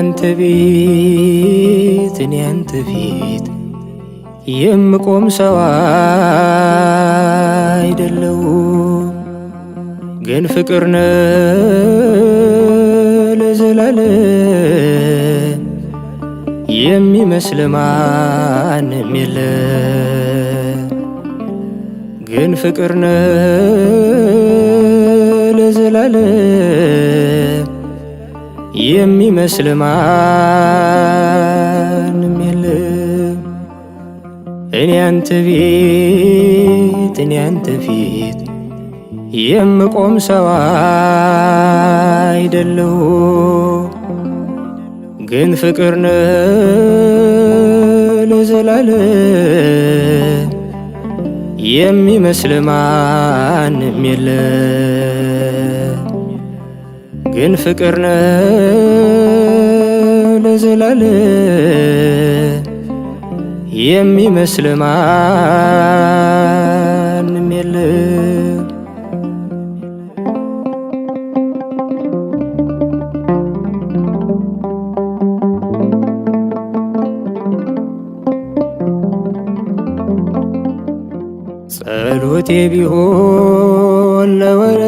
ያንተ ቤት እኔ ያንተ ፊት የምቆም ሰው አይደለሁም፣ ግን ፍቅር ነ ለዘላለ የሚመስል ማንም የለ፣ ግን ፍቅር ነ ለዘላለም የሚመስል ማንም የለም። እኔ አንተ ቤት እኔ አንተ ፊት የምቆም ሰው አይደለሁ፣ ግን ፍቅር ነ ለዘላለም የሚመስል ማንም የለም። ግን ፍቅር ነው ለዘላለ የሚመስል ማንም የለ። ጸሎቴ ቢሆን ለወረ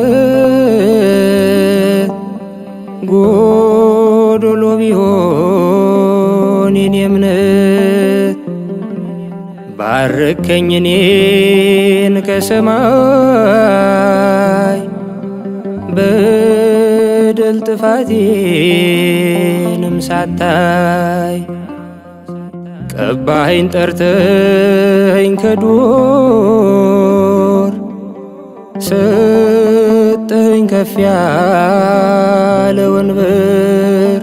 ጎዶሎ ቢሆን የኔ እምነት ባርከኝ እኔን ከሰማይ በደል ጥፋቴንም ሳታይ ቀባኸኝ ጠርተኝ ከዱር ከፍ ያለ ወንበር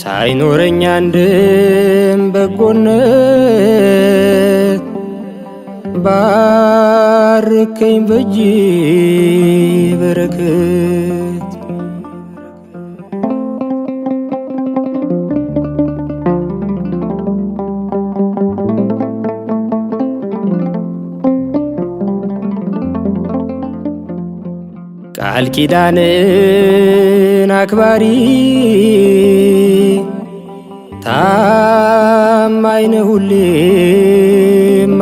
ሳይኖረኝ አንድም በጎነት ባርከኝ በእጅ በረከት ቃል ኪዳንን አክባሪ ታማኝ ነህ ሁሌም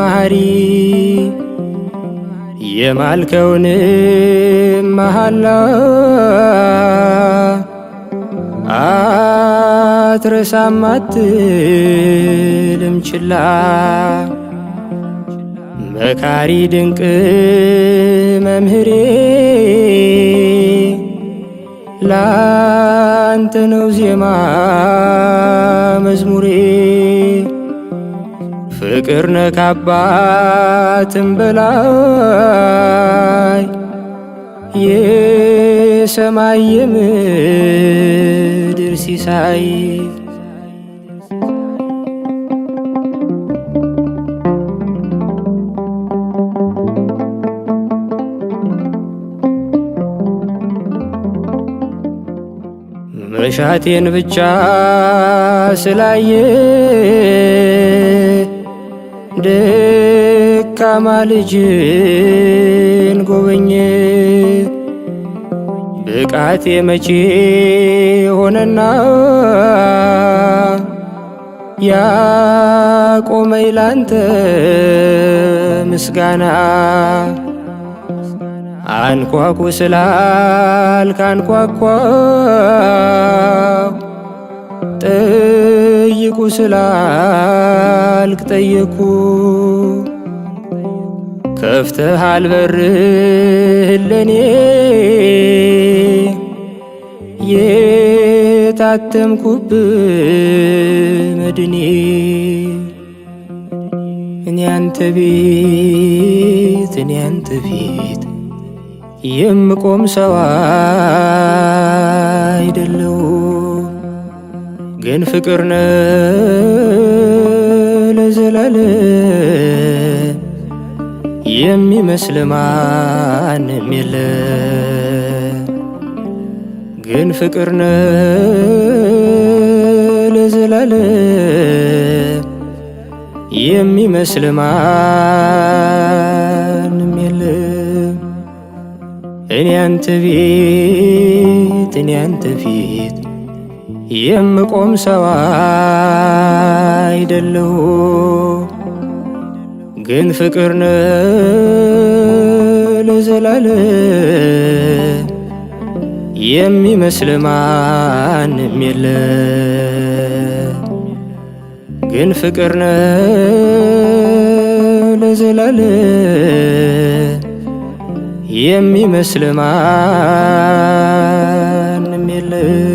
የማልከውን መሐላ አትረሳም ችላ መካሪ ድንቅ መምህሬ ላንተ ነው ዜማ መዝሙሬ ፍቅር ነካባትም በላይ የሰማይ የምድር ሲሳይ መሻቴን ብቻ ስላየ ደካማ ልጅን ጎበኘ። ብቃቴ መቼ ሆነና ያቆመኝ ላንተ ምስጋና አንኳኩ ስላልክ አንኳኳው፣ ጠይቁ ስላልክ ጠየኩ። ከፍተሃል በርህን ለኔ የታተምኩብ መድኔ እኔ አንተ ቤት እኔ አንተ የምቆም ሰው አይደለሁም፣ ግን ፍቅር ነ ለዘላለ የሚመስል ማንም የለ፣ ግን ፍቅር ነህ ለዘላለ የሚመስል እኔ አንተ ቤት እኔ አንተ ፊት የምቆም ሰው አይደለሁ፣ ግን ፍቅር ነ ለዘላለ የሚመስል ማንም የለ፣ ግን ፍቅር ነ የሚመስል ማንም የለም።